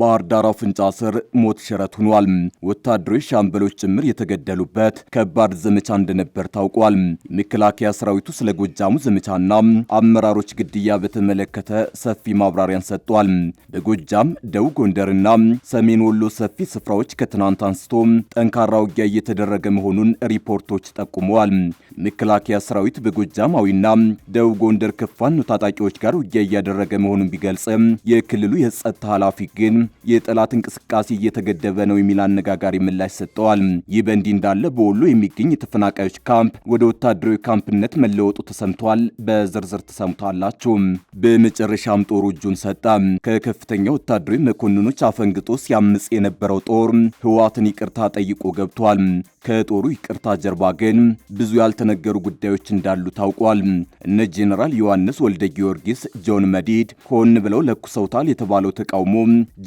ባህር ዳር አፍንጫ ስር ሞት ሽረት ሆኗል። ወታደሮች ሻምበሎች ጭምር የተገደሉበት ከባድ ዘመቻ እንደነበር ታውቋል። የመከላከያ ሰራዊቱ ስለ ጎጃሙ ዘመቻና አመራሮች ግድያ በተመለከተ ሰፊ ማብራሪያን ሰጥቷል። በጎጃም ደቡብ ጎንደርና ሰሜን ወሎ ሰፊ ስፍራዎች ከትናንት አንስቶ ጠንካራ ውጊያ እየተደረገ መሆኑን ሪፖርቶች ጠቁመዋል። መከላከያ ሰራዊት በጎጃማዊና ደቡብ ጎንደር ከፋኖ ታጣቂዎች ጋር ውጊያ እያደረገ መሆኑን ቢገልጽም የክልሉ የጸጥታ ኃላፊ ግን የጠላት እንቅስቃሴ እየተገደበ ነው የሚል አነጋጋሪ ምላሽ ሰጥተዋል። ይህ በእንዲህ እንዳለ በወሎ የሚገኝ የተፈናቃዮች ካምፕ ወደ ወታደራዊ ካምፕነት መለወጡ ተሰምቷል። በዝርዝር ተሰምቷላችሁ። በመጨረሻም ጦሩ እጁን ሰጠ። ከከፍተኛ ወታደራዊ መኮንኖች አፈንግጦ ሲያምጽ የነበረው ጦር ህወሓትን ይቅርታ ጠይቆ ገብቷል። ከጦሩ ይቅርታ ጀርባ ግን ብዙ ያልተነገሩ ጉዳዮች እንዳሉ ታውቋል። እነ ጄኔራል ዮሐንስ ወልደ ጊዮርጊስ ጆን መዲድ ሆን ብለው ለኩሰውታል የተባለው ተቃውሞ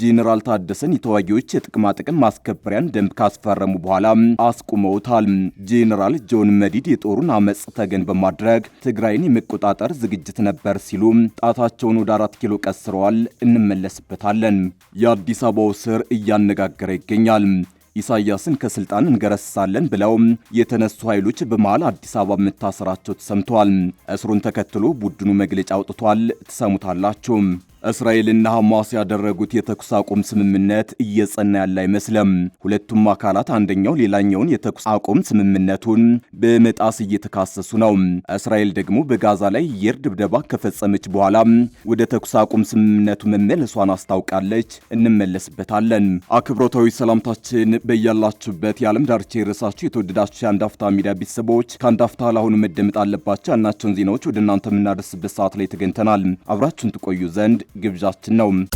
ጄኔራል ታደሰን የተዋጊዎች የጥቅማ ጥቅም ማስከበሪያን ደንብ ካስፈረሙ በኋላ አስቁመውታል። ጄኔራል ጆን መዲድ የጦሩን አመፅ ተገን በማድረግ ትግራይን የመቆጣጠር ዝግጅት ነበር ሲሉ ጣታቸውን ወደ አራት ኪሎ ቀስረዋል። እንመለስበታለን። የአዲስ አበባው ስር እያነጋገረ ይገኛል። ኢሳያስን ከስልጣን እንገረስሳለን ብለው የተነሱ ኃይሎች በመሃል አዲስ አበባ መታሰራቸው ተሰምተዋል። እስሩን ተከትሎ ቡድኑ መግለጫ አውጥቷል። ትሰሙታላችሁ። እስራኤልና ሐማስ ያደረጉት የተኩስ አቁም ስምምነት እየጸና ያለ አይመስልም። ሁለቱም አካላት አንደኛው ሌላኛውን የተኩስ አቁም ስምምነቱን በመጣስ እየተካሰሱ ነው። እስራኤል ደግሞ በጋዛ ላይ አየር ድብደባ ከፈጸመች በኋላ ወደ ተኩስ አቁም ስምምነቱ መመለሷን አስታውቃለች። እንመለስበታለን። አክብሮታዊ ሰላምታችን በያላችሁበት የዓለም ዳርቻ የረሳችሁ የተወደዳችሁ የአንዳፍታ ሚዲያ ቤተሰቦች ከአንዳፍታ ላሁኑ ለአሁኑ መደመጥ አለባቸው ያናቸውን ዜናዎች ወደ እናንተ የምናደርስበት ሰዓት ላይ ተገኝተናል። አብራችሁን ትቆዩ ዘንድ gives us to know.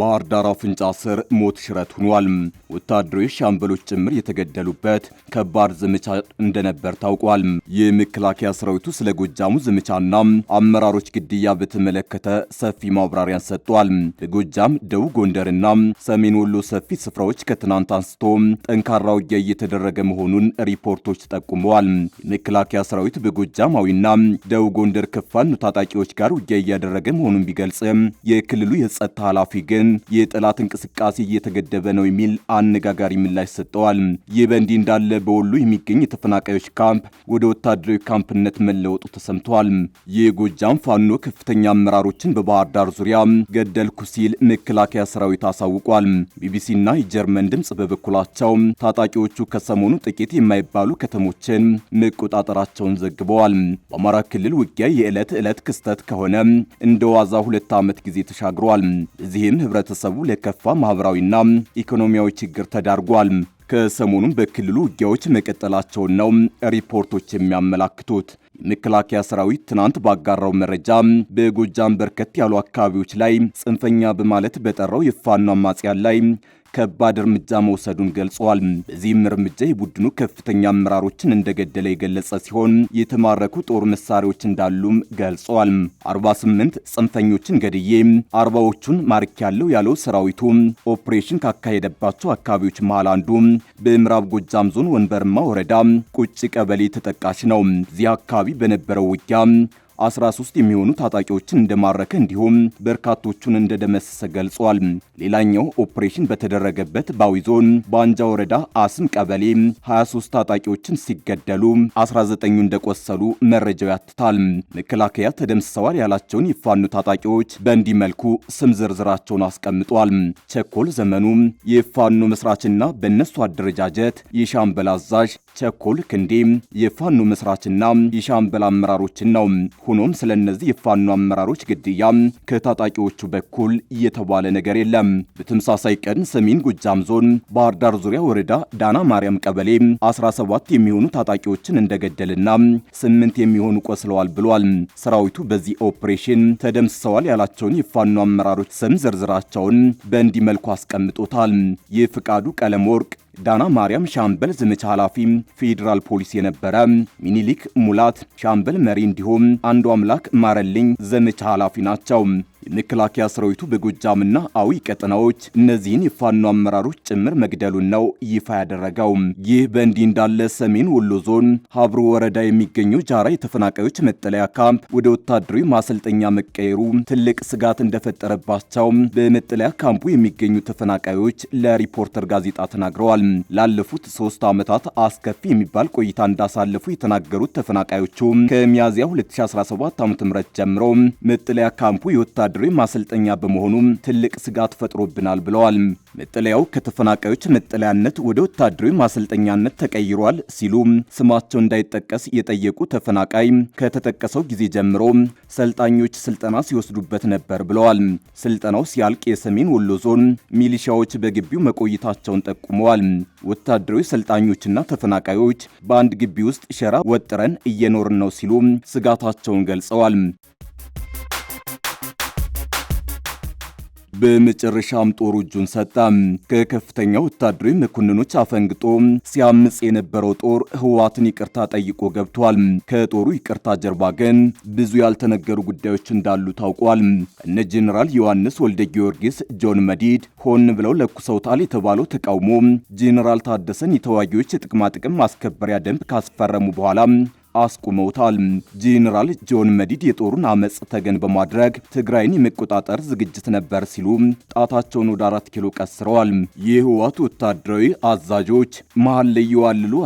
ባህር ዳር አፍንጫ ስር ሞት ሽረት ሆኗል። ወታደራዊ ሻምበሎች ጭምር የተገደሉበት ከባድ ዘመቻ እንደነበር ታውቋል። የመከላከያ ሰራዊቱ ስለ ጎጃሙ ዘመቻና አመራሮች ግድያ በተመለከተ ሰፊ ማብራሪያን ሰጥቷል። በጎጃም ደቡብ ጎንደርና ሰሜን ወሎ ሰፊ ስፍራዎች ከትናንት አንስቶ ጠንካራ ውጊያ እየተደረገ መሆኑን ሪፖርቶች ጠቁመዋል። የመከላከያ ሰራዊት በጎጃማዊና ደቡብ ጎንደር ከፋኖ ታጣቂዎች ጋር ውጊያ እያደረገ መሆኑን ቢገልጽም የክልሉ የጸጥታ ኃላፊ ግን ግን የጠላት እንቅስቃሴ እየተገደበ ነው የሚል አነጋጋሪ ምላሽ ሰጠዋል። ይህ በእንዲህ እንዳለ በወሎ የሚገኝ የተፈናቃዮች ካምፕ ወደ ወታደራዊ ካምፕነት መለወጡ ተሰምተዋል። የጎጃም ፋኖ ከፍተኛ አመራሮችን በባህር ዳር ዙሪያ ገደልኩ ሲል መከላከያ ሰራዊት አሳውቋል። ቢቢሲና የጀርመን ድምፅ በበኩላቸው ታጣቂዎቹ ከሰሞኑ ጥቂት የማይባሉ ከተሞችን መቆጣጠራቸውን ዘግበዋል። በአማራ ክልል ውጊያ የዕለት ዕለት ክስተት ከሆነ እንደ ዋዛ ሁለት ዓመት ጊዜ ተሻግሯል። እዚህም ህብረ ህብረተሰቡ ለከፋ ማህበራዊና ኢኮኖሚያዊ ችግር ተዳርጓል። ከሰሞኑም በክልሉ ውጊያዎች መቀጠላቸውን ነው ሪፖርቶች የሚያመላክቱት። የመከላከያ ሰራዊት ትናንት ባጋራው መረጃ በጎጃም በርከት ያሉ አካባቢዎች ላይ ጽንፈኛ በማለት በጠራው የፋኖ አማጽያን ላይ ከባድ እርምጃ መውሰዱን ገልጸዋል። በዚህም እርምጃ የቡድኑ ከፍተኛ አመራሮችን እንደገደለ የገለጸ ሲሆን የተማረኩ ጦር መሳሪያዎች እንዳሉም ገልጸዋል። 48 ጽንፈኞችን ገድዬ አርባዎቹን ማርክ ያለው ያለው ሰራዊቱ ኦፕሬሽን ካካሄደባቸው አካባቢዎች መሃል አንዱ በምዕራብ ጎጃም ዞን ወንበርማ ወረዳ ቁጭ ቀበሌ ተጠቃሽ ነው። እዚህ አካባቢ በነበረው ውጊያ 13 የሚሆኑ ታጣቂዎችን እንደማረከ እንዲሁም በርካቶቹን እንደደመሰሰ ገልጿል። ሌላኛው ኦፕሬሽን በተደረገበት ባዊ ዞን በአንጃ ወረዳ አስም ቀበሌ 23 ታጣቂዎችን ሲገደሉ 19ኙ እንደቆሰሉ መረጃው ያትታል። መከላከያ ተደምስሰዋል ያላቸውን የፋኑ ታጣቂዎች በእንዲህ መልኩ ስም ዝርዝራቸውን አስቀምጧል። ቸኮል ዘመኑ የፋኑ መስራችና በእነሱ አደረጃጀት የሻምበል አዛዥ፣ ቸኮል ክንዴ የፋኑ መስራችና የሻምበል አመራሮችን ነው። ሆኖም ስለ እነዚህ የፋኖ አመራሮች ግድያ ከታጣቂዎቹ በኩል እየተባለ ነገር የለም። በተመሳሳይ ቀን ሰሜን ጎጃም ዞን ባህር ዳር ዙሪያ ወረዳ ዳና ማርያም ቀበሌ 17 የሚሆኑ ታጣቂዎችን እንደገደልና ስምንት የሚሆኑ ቆስለዋል ብሏል። ሰራዊቱ በዚህ ኦፕሬሽን ተደምስሰዋል ያላቸውን የፋኖ አመራሮች ስም ዝርዝራቸውን በእንዲህ መልኩ አስቀምጦታል። የፍቃዱ ቀለም ወርቅ ዳና ማርያም ሻምበል ዘመቻ ኃላፊ ፌዴራል ፖሊስ የነበረ፣ ሚኒሊክ ሙላት ሻምበል መሪ፣ እንዲሁም አንዱ አምላክ ማረልኝ ዘመቻ ኃላፊ ናቸው። የመከላከያ ሰራዊቱ በጎጃምና አዊ ቀጠናዎች እነዚህን የፋኖ አመራሮች ጭምር መግደሉን ነው ይፋ ያደረገው። ይህ በእንዲህ እንዳለ ሰሜን ወሎ ዞን ሀብሮ ወረዳ የሚገኘው ጃራ የተፈናቃዮች መጠለያ ካምፕ ወደ ወታደራዊ ማሰልጠኛ መቀየሩ ትልቅ ስጋት እንደፈጠረባቸው በመጠለያ ካምፑ የሚገኙ ተፈናቃዮች ለሪፖርተር ጋዜጣ ተናግረዋል። ላለፉት ሶስት ዓመታት አስከፊ የሚባል ቆይታ እንዳሳለፉ የተናገሩት ተፈናቃዮቹ ከሚያዝያ 2017 ዓ.ም ጀምሮ መጠለያ ካምፑ የወታ ወታደራዊ ማሰልጠኛ በመሆኑም ትልቅ ስጋት ፈጥሮብናል ብለዋል። መጠለያው ከተፈናቃዮች መጠለያነት ወደ ወታደራዊ ማሰልጠኛነት ተቀይሯል ሲሉ ስማቸው እንዳይጠቀስ የጠየቁ ተፈናቃይ ከተጠቀሰው ጊዜ ጀምሮ ሰልጣኞች ስልጠና ሲወስዱበት ነበር ብለዋል። ስልጠናው ሲያልቅ የሰሜን ወሎ ዞን ሚሊሻዎች በግቢው መቆየታቸውን ጠቁመዋል። ወታደራዊ ሰልጣኞችና ተፈናቃዮች በአንድ ግቢ ውስጥ ሸራ ወጥረን እየኖርን ነው ሲሉ ስጋታቸውን ገልጸዋል። በመጨረሻም ጦሩ እጁን ሰጠ። ከከፍተኛ ወታደራዊ መኮንኖች አፈንግጦ ሲያምጽ የነበረው ጦር ህወሓትን ይቅርታ ጠይቆ ገብቷል። ከጦሩ ይቅርታ ጀርባ ግን ብዙ ያልተነገሩ ጉዳዮች እንዳሉ ታውቋል። እነ ጄኔራል ዮሐንስ ወልደ ጊዮርጊስ ጆን መዲድ ሆን ብለው ለኩሰውታል የተባለው ተቃውሞ ጄኔራል ታደሰን የተዋጊዎች የጥቅማጥቅም ማስከበሪያ ደንብ ካስፈረሙ በኋላ አስቁመውታል። ጄኔራል ጆን መዲድ የጦሩን አመፅ ተገን በማድረግ ትግራይን የመቆጣጠር ዝግጅት ነበር ሲሉ ጣታቸውን ወደ አራት ኪሎ ቀስረዋል። የህወሓት ወታደራዊ አዛዦች መሀል ላይ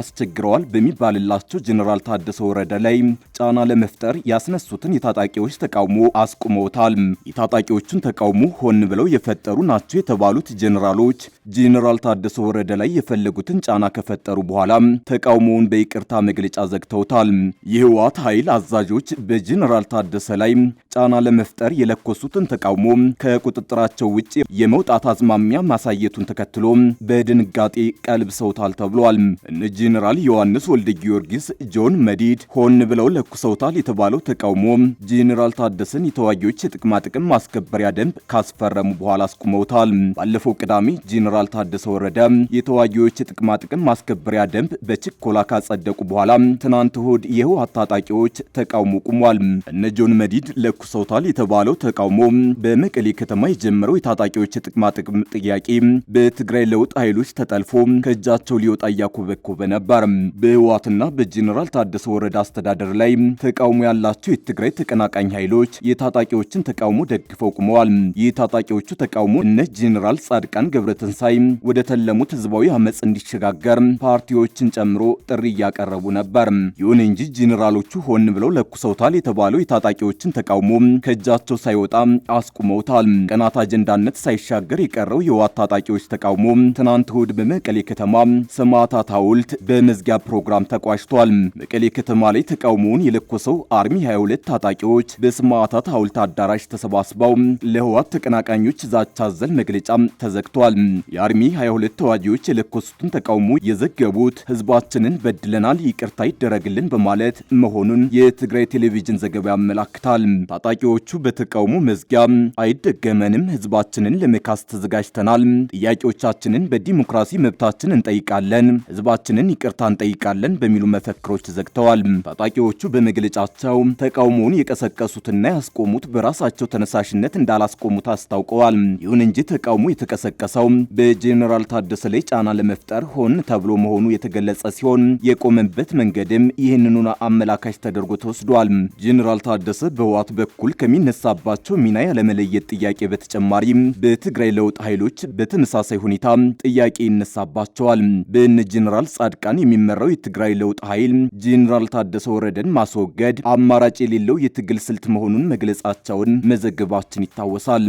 አስቸግረዋል በሚባልላቸው ጄኔራል ታደሰ ወረደ ላይ ጫና ለመፍጠር ያስነሱትን የታጣቂዎች ተቃውሞ አስቁመውታል። የታጣቂዎቹን ተቃውሞ ሆን ብለው የፈጠሩ ናቸው የተባሉት ጄኔራሎች ጄኔራል ታደሰ ወረደ ላይ የፈለጉትን ጫና ከፈጠሩ በኋላ ተቃውሞውን በይቅርታ መግለጫ ዘግተውታል። የህወሓት ኃይል አዛዦች በጀነራል ታደሰ ላይ ጫና ለመፍጠር የለኮሱትን ተቃውሞ ከቁጥጥራቸው ውጭ የመውጣት አዝማሚያ ማሳየቱን ተከትሎ በድንጋጤ ቀልብሰውታል ተብሏል። እነ ጄኔራል ዮሐንስ ወልደ ጊዮርጊስ፣ ጆን መዲድ ሆን ብለው ለኩሰውታል የተባለው ተቃውሞ ጄኔራል ታደሰን የተዋጊዎች የጥቅማጥቅም ማስከበሪያ ደንብ ካስፈረሙ በኋላ አስቁመውታል። ባለፈው ቅዳሜ ጄኔራል ታደሰ ወረደ የተዋጊዎች የጥቅማጥቅም ማስከበሪያ ደንብ በችኮላ ካጸደቁ በኋላ ትናንት እሁድ በመውሰድ የህወሓት ታጣቂዎች ተቃውሞ ቁሟል። እነ ጆን መዲድ ለኩሰውታል የተባለው ተቃውሞ በመቀሌ ከተማ የጀመረው የታጣቂዎች የጥቅማጥቅም ጥያቄ በትግራይ ለውጥ ኃይሎች ተጠልፎ ከእጃቸው ሊወጣ እያኮበኮበ ነበር። በህወሓትና በጀኔራል ታደሰ ወረዳ አስተዳደር ላይ ተቃውሞ ያላቸው የትግራይ ተቀናቃኝ ኃይሎች የታጣቂዎችን ተቃውሞ ደግፈው ቁመዋል። የታጣቂዎቹ ተቃውሞ እነ ጄኔራል ጻድቃን ገብረትንሳይ ወደ ተለሙት ህዝባዊ አመፅ እንዲሸጋገር ፓርቲዎችን ጨምሮ ጥሪ እያቀረቡ ነበር። ይሁን እንጂ ጄኔራሎቹ ሆን ብለው ለኩሰውታል የተባለው የታጣቂዎችን ተቃውሞ ከእጃቸው ሳይወጣ አስቁመውታል። ቀናት አጀንዳነት ሳይሻገር የቀረው የህወሓት ታጣቂዎች ተቃውሞ ትናንት እሁድ በመቀሌ ከተማ ሰማዕታት ሐውልት በመዝጊያ ፕሮግራም ተቋጭቷል። መቀሌ ከተማ ላይ ተቃውሞውን የለኮሰው አርሚ 22 ታጣቂዎች በሰማዕታት ሐውልት አዳራሽ ተሰባስበው ለህዋት ተቀናቃኞች ዛቻ አዘል መግለጫ ተዘግቷል። የአርሚ 22 ተዋጊዎች የለኮሱትን ተቃውሞ የዘገቡት ህዝባችንን በድለናል፣ ይቅርታ ይደረግልን በማለት መሆኑን የትግራይ ቴሌቪዥን ዘገባ ያመላክታል። ታጣቂዎቹ በተቃውሞ መዝጊያ አይደገመንም፣ ህዝባችንን ለመካስ ተዘጋጅተናል፣ ጥያቄዎቻችንን በዲሞክራሲ መብታችን እንጠይቃለን፣ ህዝባችንን ይቅርታ እንጠይቃለን በሚሉ መፈክሮች ዘግተዋል። ታጣቂዎቹ በመግለጫቸው ተቃውሞውን የቀሰቀሱትና ያስቆሙት በራሳቸው ተነሳሽነት እንዳላስቆሙት አስታውቀዋል። ይሁን እንጂ ተቃውሞ የተቀሰቀሰው በጄኔራል ታደሰ ላይ ጫና ለመፍጠር ሆን ተብሎ መሆኑ የተገለጸ ሲሆን የቆመበት መንገድም ይህን ይህንኑን አመላካች ተደርጎ ተወስዷል። ጄኔራል ታደሰ በህወሓት በኩል ከሚነሳባቸው ሚና ያለመለየት ጥያቄ በተጨማሪ በትግራይ ለውጥ ኃይሎች በተመሳሳይ ሁኔታ ጥያቄ ይነሳባቸዋል። በእነ ጄኔራል ጻድቃን የሚመራው የትግራይ ለውጥ ኃይል ጄኔራል ታደሰ ወረደን ማስወገድ አማራጭ የሌለው የትግል ስልት መሆኑን መግለጻቸውን መዘገባችን ይታወሳል።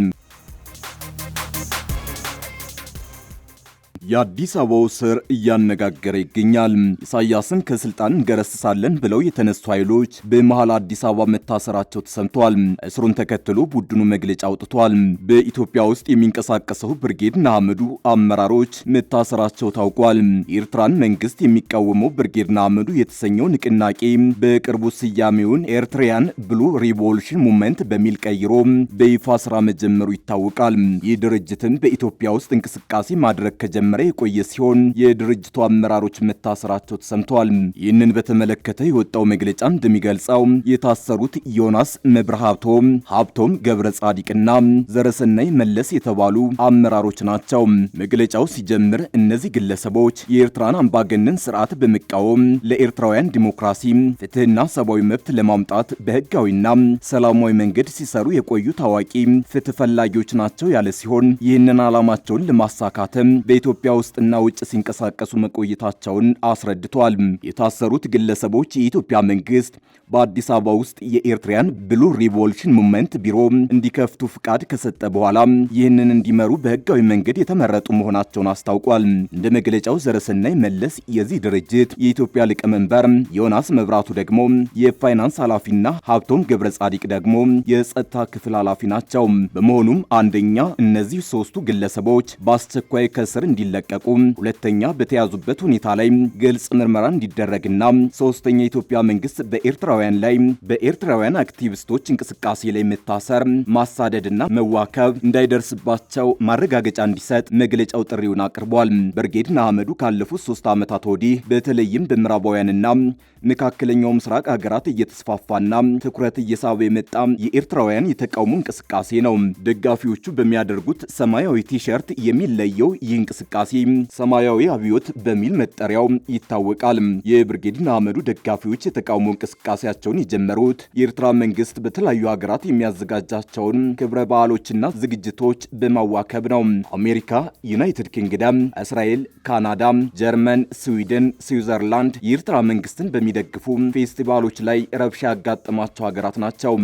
የአዲስ አበባው ስር እያነጋገረ ይገኛል። ኢሳያስን ከስልጣን እንገረስሳለን ብለው የተነሱ ኃይሎች በመሃል አዲስ አበባ መታሰራቸው ተሰምቷል። እስሩን ተከትሎ ቡድኑ መግለጫ አውጥቷል። በኢትዮጵያ ውስጥ የሚንቀሳቀሰው ብርጌድ ንሓመዱ አመራሮች መታሰራቸው ታውቋል። የኤርትራን መንግስት የሚቃወመው ብርጌድ ንሓመዱ የተሰኘው ንቅናቄ በቅርቡ ስያሜውን ኤርትሪያን ብሉ ሪቮሉሽን ሙመንት በሚል ቀይሮ በይፋ ስራ መጀመሩ ይታወቃል። ይህ ድርጅትን በኢትዮጵያ ውስጥ እንቅስቃሴ ማድረግ ከጀመረ እየጨመረ የቆየ ሲሆን የድርጅቱ አመራሮች መታሰራቸው ተሰምተዋል። ይህንን በተመለከተ የወጣው መግለጫ እንደሚገልጸው የታሰሩት ዮናስ መብርሃቶም፣ ሀብቶም ገብረ ጻዲቅና ዘረሰናይ መለስ የተባሉ አመራሮች ናቸው። መግለጫው ሲጀምር እነዚህ ግለሰቦች የኤርትራን አምባገነን ስርዓት በመቃወም ለኤርትራውያን ዲሞክራሲ ፍትህና ሰብአዊ መብት ለማምጣት በህጋዊና ሰላማዊ መንገድ ሲሰሩ የቆዩ ታዋቂ ፍትህ ፈላጊዎች ናቸው ያለ ሲሆን ይህንን ዓላማቸውን ለማሳካተም በኢትዮጵያ ኢትዮጵያ ውስጥና ውጭ ሲንቀሳቀሱ መቆየታቸውን አስረድቷል። የታሰሩት ግለሰቦች የኢትዮጵያ መንግስት በአዲስ አበባ ውስጥ የኤርትሪያን ብሉ ሪቮሉሽን ሙቭመንት ቢሮ እንዲከፍቱ ፍቃድ ከሰጠ በኋላ ይህንን እንዲመሩ በህጋዊ መንገድ የተመረጡ መሆናቸውን አስታውቋል። እንደ መግለጫው ዘረሰናይ መለስ የዚህ ድርጅት የኢትዮጵያ ሊቀመንበር፣ ዮናስ መብራቱ ደግሞ የፋይናንስ ኃላፊና ሀብቶም ገብረ ጻዲቅ ደግሞ የጸጥታ ክፍል ኃላፊ ናቸው። በመሆኑም አንደኛ እነዚህ ሶስቱ ግለሰቦች በአስቸኳይ ከስር እንዲ እንዲለቀቁ፣ ሁለተኛ በተያዙበት ሁኔታ ላይ ግልጽ ምርመራ እንዲደረግና ሶስተኛ የኢትዮጵያ መንግስት በኤርትራውያን ላይ በኤርትራውያን አክቲቪስቶች እንቅስቃሴ ላይ መታሰር፣ ማሳደድና መዋከብ እንዳይደርስባቸው ማረጋገጫ እንዲሰጥ መግለጫው ጥሪውን አቅርቧል። ብርጌድ ንሓመዱ ካለፉት ሶስት ዓመታት ወዲህ በተለይም በምዕራባውያንና መካከለኛው ምስራቅ ሀገራት እየተስፋፋና ትኩረት እየሳበ የመጣ የኤርትራውያን የተቃውሞ እንቅስቃሴ ነው። ደጋፊዎቹ በሚያደርጉት ሰማያዊ ቲሸርት የሚለየው ይህ እንቅስቃሴ ንቅናሴ ሰማያዊ አብዮት በሚል መጠሪያው ይታወቃል። የብርጌድና አህመዱ ደጋፊዎች የተቃውሞ እንቅስቃሴያቸውን የጀመሩት የኤርትራ መንግስት በተለያዩ ሀገራት የሚያዘጋጃቸውን ክብረ በዓሎችና ዝግጅቶች በማዋከብ ነው። አሜሪካ፣ ዩናይትድ ኪንግደም፣ እስራኤል፣ ካናዳ፣ ጀርመን፣ ስዊድን፣ ስዊዘርላንድ የኤርትራ መንግስትን በሚደግፉ ፌስቲቫሎች ላይ ረብሻ ያጋጠማቸው ሀገራት ናቸው።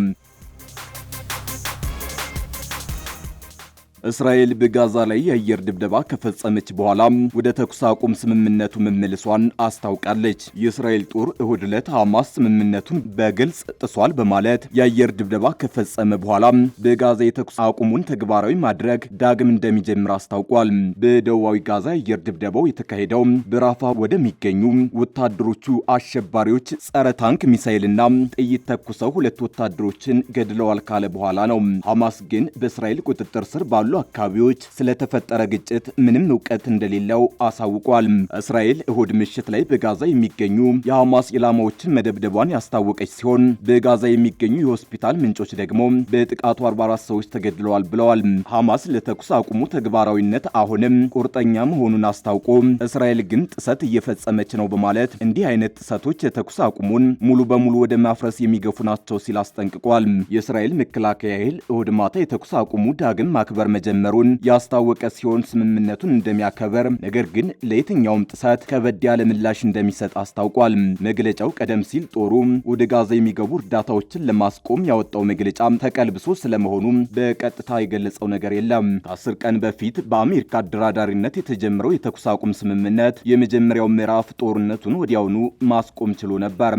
እስራኤል በጋዛ ላይ የአየር ድብደባ ከፈጸመች በኋላ ወደ ተኩስ አቁም ስምምነቱ መመልሷን አስታውቃለች። የእስራኤል ጦር እሁድ ዕለት ሐማስ ስምምነቱን በግልጽ ጥሷል በማለት የአየር ድብደባ ከፈጸመ በኋላ በጋዛ የተኩስ አቁሙን ተግባራዊ ማድረግ ዳግም እንደሚጀምር አስታውቋል። በደቡባዊ ጋዛ የአየር ድብደባው የተካሄደው በራፋ ወደሚገኙ ወታደሮቹ አሸባሪዎች ጸረ ታንክ ሚሳይልና ጥይት ተኩሰው ሁለት ወታደሮችን ገድለዋል ካለ በኋላ ነው። ሐማስ ግን በእስራኤል ቁጥጥር ስር ባሉ ባሉ አካባቢዎች ስለተፈጠረ ግጭት ምንም እውቀት እንደሌለው አሳውቋል። እስራኤል እሁድ ምሽት ላይ በጋዛ የሚገኙ የሐማስ ኢላማዎችን መደብደቧን ያስታወቀች ሲሆን በጋዛ የሚገኙ የሆስፒታል ምንጮች ደግሞ በጥቃቱ 44 ሰዎች ተገድለዋል ብለዋል። ሐማስ ለተኩስ አቁሙ ተግባራዊነት አሁንም ቁርጠኛ መሆኑን አስታውቆ እስራኤል ግን ጥሰት እየፈጸመች ነው በማለት እንዲህ አይነት ጥሰቶች የተኩስ አቁሙን ሙሉ በሙሉ ወደ ማፍረስ የሚገፉ ናቸው ሲል አስጠንቅቋል። የእስራኤል መከላከያ ኃይል እሁድ ማታ የተኩስ አቁሙ ዳግም ማክበር መጀመሩን ያስታወቀ ሲሆን ስምምነቱን እንደሚያከበር ነገር ግን ለየትኛውም ጥሰት ከበድ ያለ ምላሽ እንደሚሰጥ አስታውቋል። መግለጫው ቀደም ሲል ጦሩ ወደ ጋዛ የሚገቡ እርዳታዎችን ለማስቆም ያወጣው መግለጫ ተቀልብሶ ስለመሆኑ በቀጥታ የገለጸው ነገር የለም። ከአስር ቀን በፊት በአሜሪካ አደራዳሪነት የተጀመረው የተኩስ አቁም ስምምነት የመጀመሪያው ምዕራፍ ጦርነቱን ወዲያውኑ ማስቆም ችሎ ነበር።